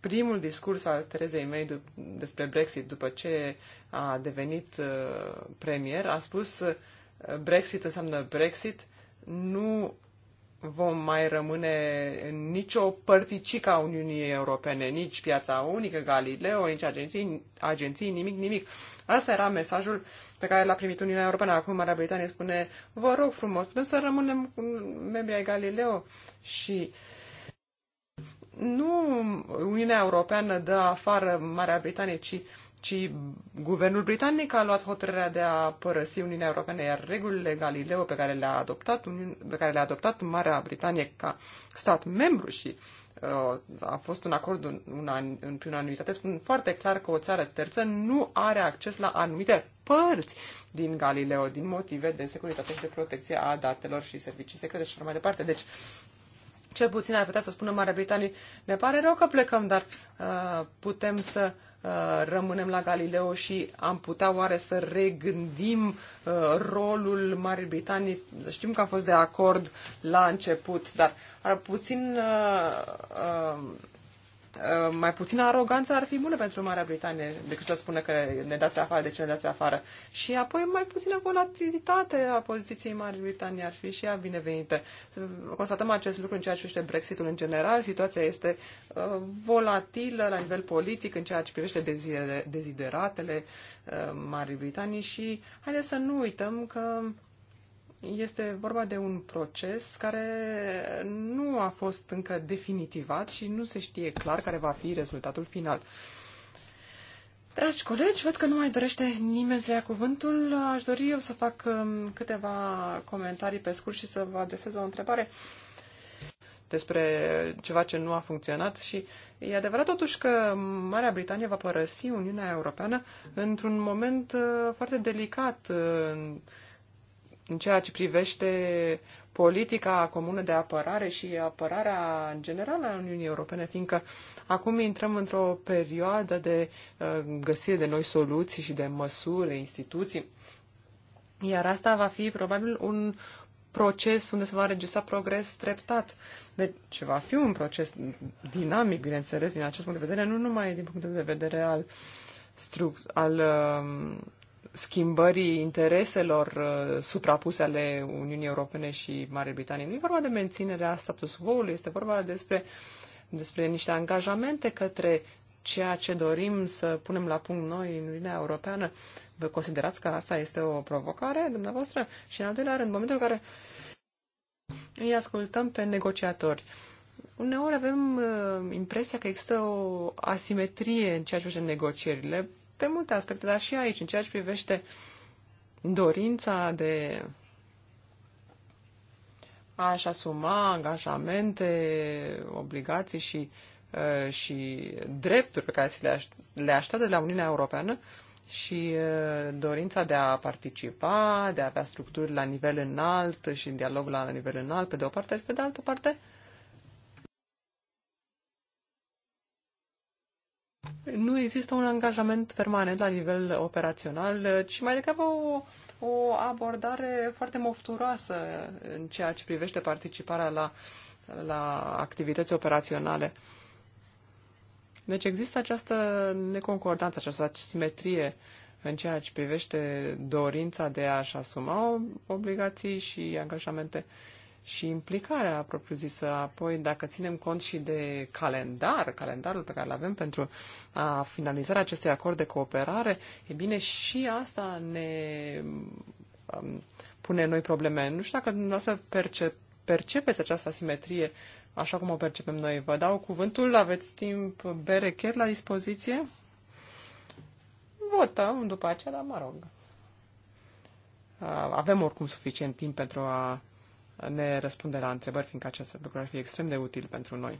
primul discurs al Terezei May despre Brexit după ce a devenit uh, premier a spus uh, Brexit înseamnă Brexit, nu vom mai rămâne în nicio părticică a Uniunii Europene, nici piața unică, Galileo, nici agenții, agenții, nimic, nimic. Asta era mesajul pe care l-a primit Uniunea Europeană. Acum Marea Britanie spune, vă rog frumos, putem să rămânem membrii ai Galileo și uh, nu Uniunea Europeană dă afară Marea Britanie, ci, ci guvernul britanic a luat hotărârea de a părăsi Uniunea Europeană, iar regulile Galileo pe care le-a adoptat, pe care le-a adoptat Marea Britanie ca stat membru și uh, a fost un acord în, un în unanimitate, spun foarte clar că o țară terță nu are acces la anumite părți din Galileo din motive de securitate și de protecție a datelor și servicii secrete și așa mai departe. Deci cel puțin ar putea să spună Marea Britanie, ne pare rău că plecăm, dar uh, putem să uh, rămânem la Galileo și am putea oare să regândim uh, rolul Marii Britanii. Știm că am fost de acord la început, dar ar puțin uh, uh, Uh, mai puțină aroganță ar fi bună pentru Marea Britanie decât să spună că ne dați afară, de ce ne dați afară. Și apoi mai puțină volatilitate a poziției Marii Britanie ar fi și ea binevenită. Constatăm acest lucru în ceea ce privește Brexitul în general. Situația este uh, volatilă la nivel politic în ceea ce privește dezideratele uh, Marii Britanii și haideți să nu uităm că este vorba de un proces care nu a fost încă definitivat și nu se știe clar care va fi rezultatul final. Dragi colegi, văd că nu mai dorește nimeni să ia cuvântul. Aș dori eu să fac um, câteva comentarii pe scurt și să vă adresez o întrebare despre ceva ce nu a funcționat și e adevărat totuși că Marea Britanie va părăsi Uniunea Europeană într-un moment uh, foarte delicat uh, în ceea ce privește politica comună de apărare și apărarea în general a Uniunii Europene, fiindcă acum intrăm într-o perioadă de uh, găsire de noi soluții și de măsuri, de instituții, iar asta va fi probabil un proces unde se va regisa progres treptat. Deci va fi un proces dinamic, bineînțeles, din acest punct de vedere, nu numai din punctul de vedere al, al uh, schimbării intereselor uh, suprapuse ale Uniunii Europene și Marii Britanii. Nu e vorba de menținerea status quo-ului, este vorba despre, despre niște angajamente către ceea ce dorim să punem la punct noi în Uniunea Europeană. Vă considerați că asta este o provocare dumneavoastră? Și în al doilea rând, în momentul în care îi ascultăm pe negociatori, uneori avem uh, impresia că există o asimetrie în ceea ce privește negocierile pe multe aspecte, dar și aici, în ceea ce privește dorința de a-și asuma angajamente, obligații și, uh, și drepturi pe care se le, așteaptă de la Uniunea Europeană și uh, dorința de a participa, de a avea structuri la nivel înalt și în dialog la nivel înalt, pe de o parte și pe de altă parte, nu există un angajament permanent la nivel operațional, ci mai degrabă o, o abordare foarte mofturoasă în ceea ce privește participarea la, la activități operaționale. Deci există această neconcordanță, această simetrie în ceea ce privește dorința de a-și asuma obligații și angajamente uh, și implicarea propriu-zisă. Apoi, dacă ținem cont și de calendar, calendarul pe care îl avem pentru a finalizarea acestui acord de cooperare, e bine, și asta ne um, pune noi probleme. Nu știu dacă dumneavoastră perce- percepeți această asimetrie așa cum o percepem noi. Vă dau cuvântul, aveți timp berechet la dispoziție? Votăm după aceea, dar mă rog. Uh, avem oricum suficient timp pentru a ne răspunde la întrebări, fiindcă acest lucru ar fi extrem de util pentru noi.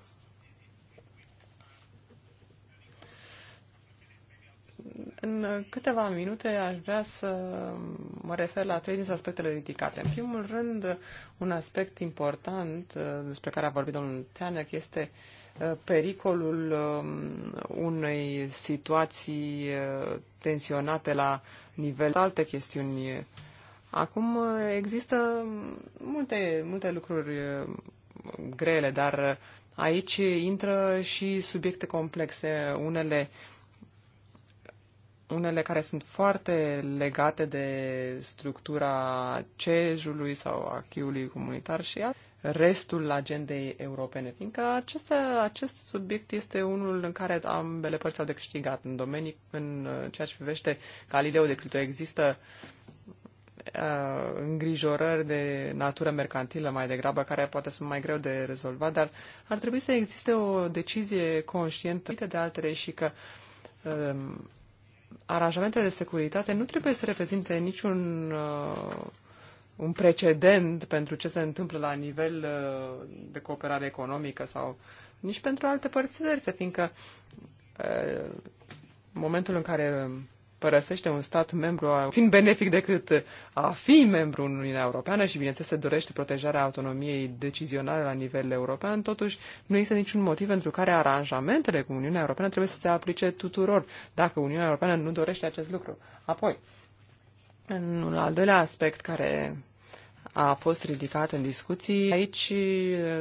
În câteva minute aș vrea să mă refer la trei dintre aspectele ridicate. În primul rând, un aspect important uh, despre care a vorbit domnul Teanec este uh, pericolul um, unei situații uh, tensionate la nivel alte chestiuni Acum uh, există multe, multe lucruri uh, grele, dar aici intră și subiecte complexe, unele, unele care sunt foarte legate de structura cejului sau achiului comunitar și restul agendei europene, fiindcă aceste, acest subiect este unul în care ambele părți au de câștigat. În domenii, în uh, ceea ce privește Galileo de Clito, există uh, îngrijorări de natură mercantilă mai degrabă, care poate sunt mai greu de rezolvat, dar ar trebui să existe o decizie conștientă de altele și că uh, aranjamentele de securitate nu trebuie să reprezinte niciun uh, un precedent pentru ce se întâmplă la nivel uh, de cooperare economică sau nici pentru alte părți terțe, fiindcă uh, momentul în care părăsește un stat membru puțin benefic decât a fi membru în Uniunea Europeană și, bineînțeles, se dorește protejarea autonomiei decizionale la nivel european, totuși nu există niciun motiv pentru care aranjamentele cu Uniunea Europeană trebuie să se aplice tuturor, dacă Uniunea Europeană nu dorește acest lucru. Apoi, în un al doilea aspect care a fost ridicat în discuții. Aici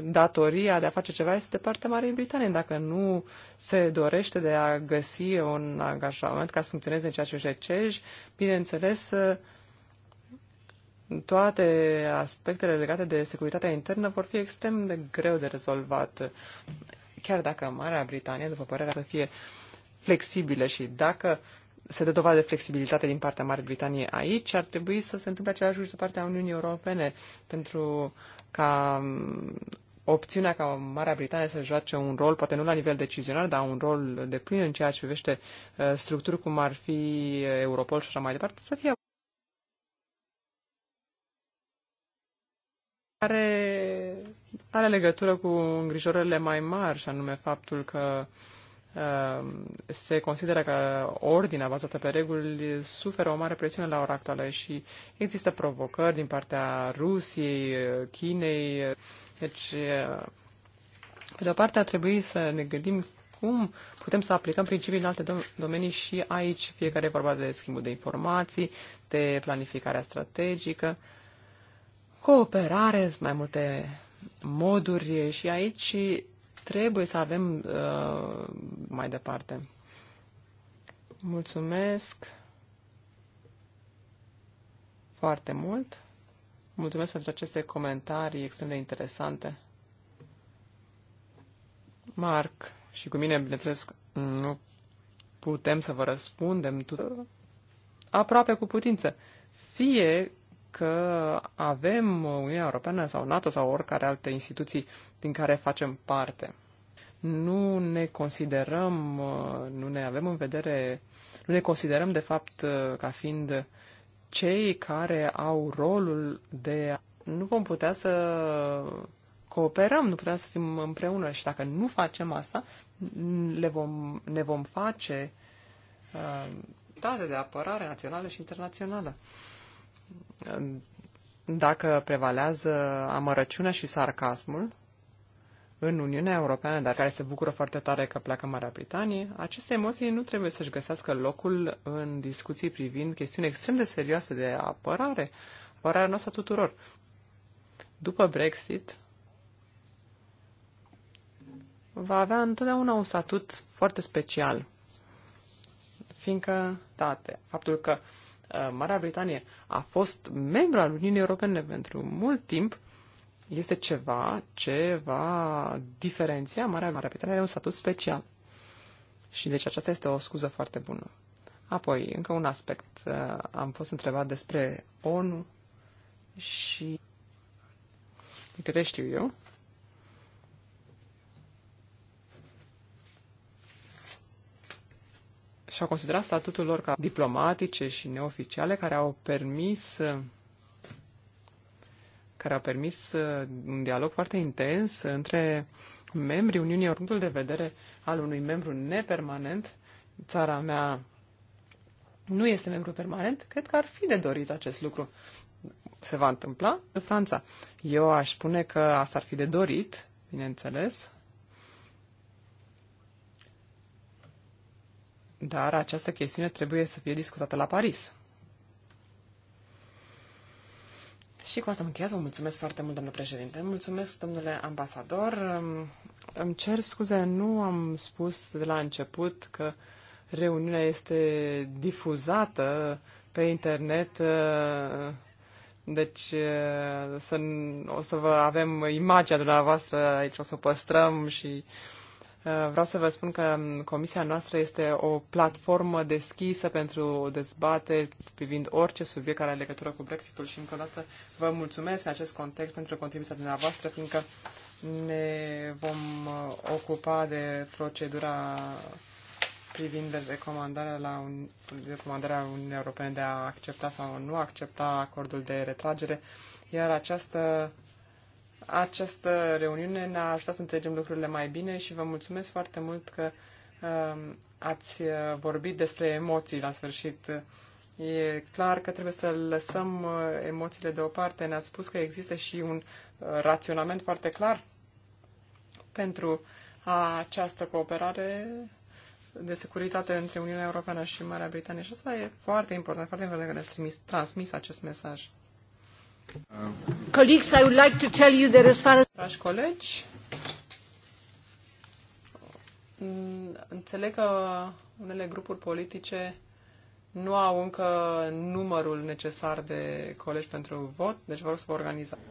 datoria de a face ceva este de partea Marii Britanii. Dacă nu se dorește de a găsi un angajament ca să funcționeze în ceea ce este CEJ, bineînțeles, toate aspectele legate de securitatea internă vor fi extrem de greu de rezolvat. Chiar dacă Marea Britanie, după părerea să fie flexibilă și dacă se dă dovadă de flexibilitate din partea Marii Britanie aici, ar trebui să se întâmple același lucru de partea Uniunii Europene pentru ca mm, opțiunea ca Marea Britanie să joace un rol, poate nu la nivel decizional, dar un rol de plin în ceea ce privește uh, structuri cum ar fi uh, Europol și așa mai departe, să fie care are legătură cu îngrijorările mai mari, și anume faptul că uh, Ehm, se consideră că ordinea bazată pe reguli suferă o mare presiune la ora actuală și există provocări din partea Rusiei, Chinei. Deci, pe de-o parte, ar trebui să ne gândim cum putem să aplicăm principii în alte domenii și aici, fiecare e vorba de schimbul de informații, de planificarea strategică, cooperare, mai multe moduri și aici trebuie să avem uh, mai departe. Mulțumesc foarte mult. Mulțumesc pentru aceste comentarii extrem de interesante. Marc și cu mine, bineînțeles, nu putem să vă răspundem tot. aproape cu putință. Fie că avem Uniunea Europeană sau NATO sau oricare alte instituții din care facem parte. Nu ne considerăm, nu ne avem în vedere, nu ne considerăm de fapt ca fiind cei care au rolul de nu vom putea să cooperăm, nu putem să fim împreună și dacă nu facem asta, le vom, ne vom face uh, date de apărare națională și internațională dacă prevalează amărăciunea și sarcasmul în Uniunea Europeană, dar care se bucură foarte tare că pleacă Marea Britanie, aceste emoții nu trebuie să-și găsească locul în discuții privind chestiuni extrem de serioase de apărare, apărarea noastră tuturor. După Brexit, va avea întotdeauna un statut foarte special, fiindcă, date, faptul că Uh, Marea Britanie a fost membru al Uniunii Europene pentru mult timp, este ceva ce va diferenția Marea, Marea Britanie are un statut special. Și deci aceasta este o scuză foarte bună. Apoi, încă un aspect. Uh, am fost întrebat despre ONU și, câte știu eu, și-au considerat statutul lor ca diplomatice și neoficiale care au permis care a permis uh, un dialog foarte intens între membrii Uniunii, ori punctul de vedere al unui membru nepermanent. Țara mea nu este membru permanent, cred că ar fi de dorit acest lucru. Se va întâmpla în Franța. Eu aș spune că asta ar fi de dorit, bineînțeles, Dar această chestiune trebuie să fie discutată la Paris. Și cu asta am încheiat. Vă mulțumesc foarte mult, domnule președinte. Mulțumesc, domnule ambasador. Îmi cer scuze, nu am spus de la început că reuniunea este difuzată pe internet. Deci să, o să vă avem imaginea dumneavoastră aici, o să o păstrăm și Uh, vreau să vă spun că comisia noastră este o platformă deschisă pentru dezbateri privind orice subiect care are legătură cu Brexitul și încă o dată vă mulțumesc în acest context pentru contribuția dumneavoastră, fiindcă ne vom uh, ocupa de procedura privind recomandarea, la un, recomandarea Uniunii Europene de a accepta sau nu accepta acordul de retragere, iar această această reuniune ne-a ajutat să înțelegem lucrurile mai bine și vă mulțumesc foarte mult că um, ați uh, vorbit despre emoții la sfârșit. E clar că trebuie să lăsăm uh, emoțiile deoparte. Ne-ați spus că există și un uh, raționament foarte clar pentru această cooperare de securitate între Uniunea Europeană și Marea Britanie. Și asta e foarte important, foarte important că ne-ați transmis acest mesaj. Colleagues, I would like to tell you that as far as... Dragi colegi, înțeleg că unele grupuri politice nu au încă numărul necesar de colegi pentru vot, deci vor să vă organizați.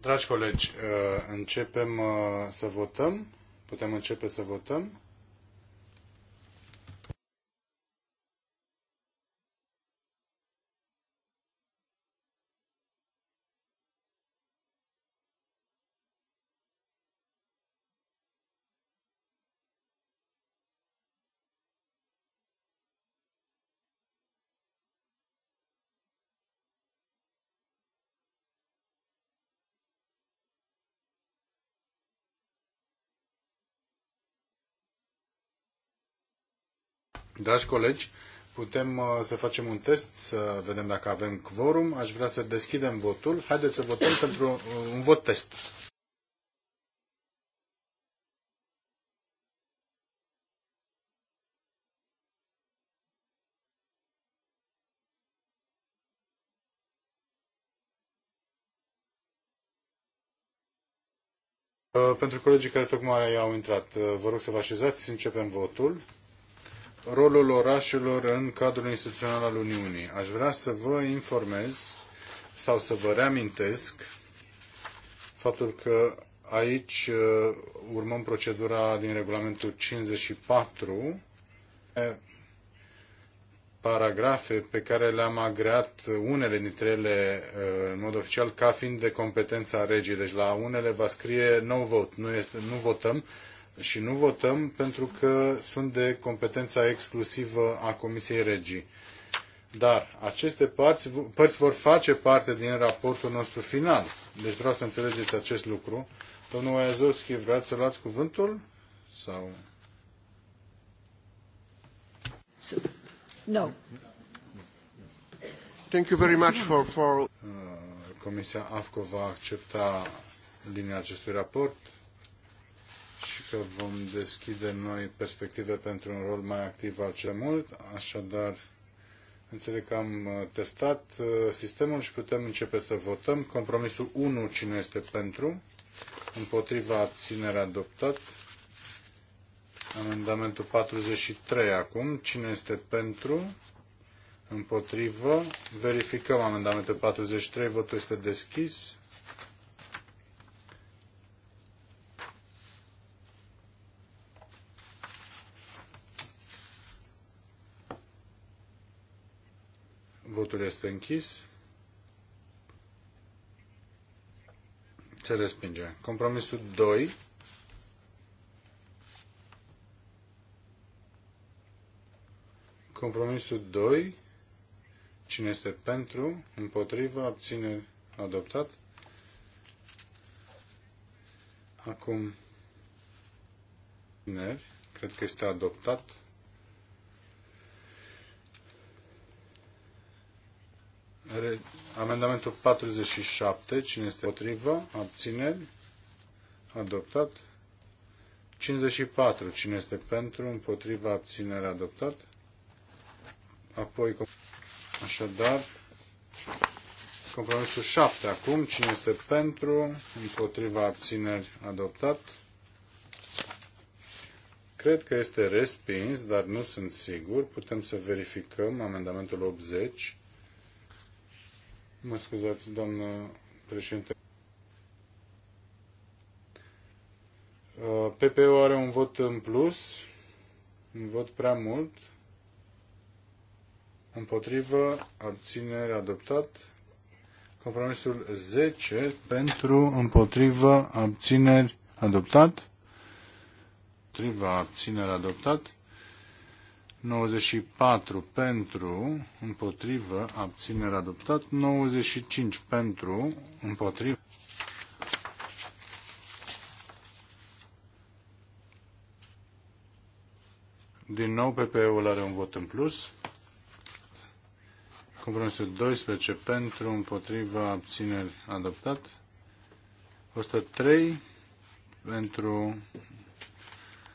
Dragi colegi, uh, începem uh, să votăm? Putem începe să votăm? Dragi colegi, putem uh, să facem un test, să vedem dacă avem quorum. Aș vrea să deschidem votul. Haideți să votăm pentru uh, un vot test. Uh, pentru colegii care tocmai au intrat, vă rog să vă așezați, începem votul rolul orașelor în cadrul instituțional al Uniunii. Aș vrea să vă informez sau să vă reamintesc faptul că aici uh, urmăm procedura din regulamentul 54 paragrafe pe care le-am agreat unele dintre ele uh, în mod oficial ca fiind de competența regii. Deci la unele va scrie no vote, nu, este, nu votăm, și nu votăm pentru că sunt de competența exclusivă a Comisiei Regii. Dar aceste părți, părți vor face parte din raportul nostru final. Deci vreau să înțelegeți acest lucru. Domnul Oiazovski, vreați să luați cuvântul? Sau... No. Thank you very much for, for... Uh, Comisia AFCO va accepta linia acestui raport și că vom deschide noi perspective pentru un rol mai activ al cel mult. Așadar, înțeleg că am uh, testat uh, sistemul și putem începe să votăm. Compromisul 1, cine este pentru? Împotriva abținere adoptat. Amendamentul 43 acum. Cine este pentru? Împotrivă. Verificăm amendamentul 43. Votul este deschis. Votul este închis. Se respinge. Compromisul 2. Compromisul 2. Cine este pentru, împotrivă, abține, adoptat. Acum, cred că este adoptat Amendamentul 47. Cine este potrivă? Abțineri. Adoptat. 54. Cine este pentru? Împotrivă? abținere adoptat. Apoi, așadar, compromisul 7. Acum, cine este pentru? Împotrivă? abțineri adoptat. Cred că este respins, dar nu sunt sigur. Putem să verificăm amendamentul 80. Mă scuzați, doamnă președinte. Uh, PPO are un vot în plus, un vot prea mult, împotrivă, abținere, adoptat. Compromisul 10 pentru, împotrivă, abțineri, adoptat. Împotrivă, abțineri, adoptat. 94 pentru, împotrivă, abținere adoptat, 95 pentru, împotrivă. Din nou PPE-ul are un vot în plus. Compromisul 12 pentru, împotrivă, abțineri adoptat. 103 pentru,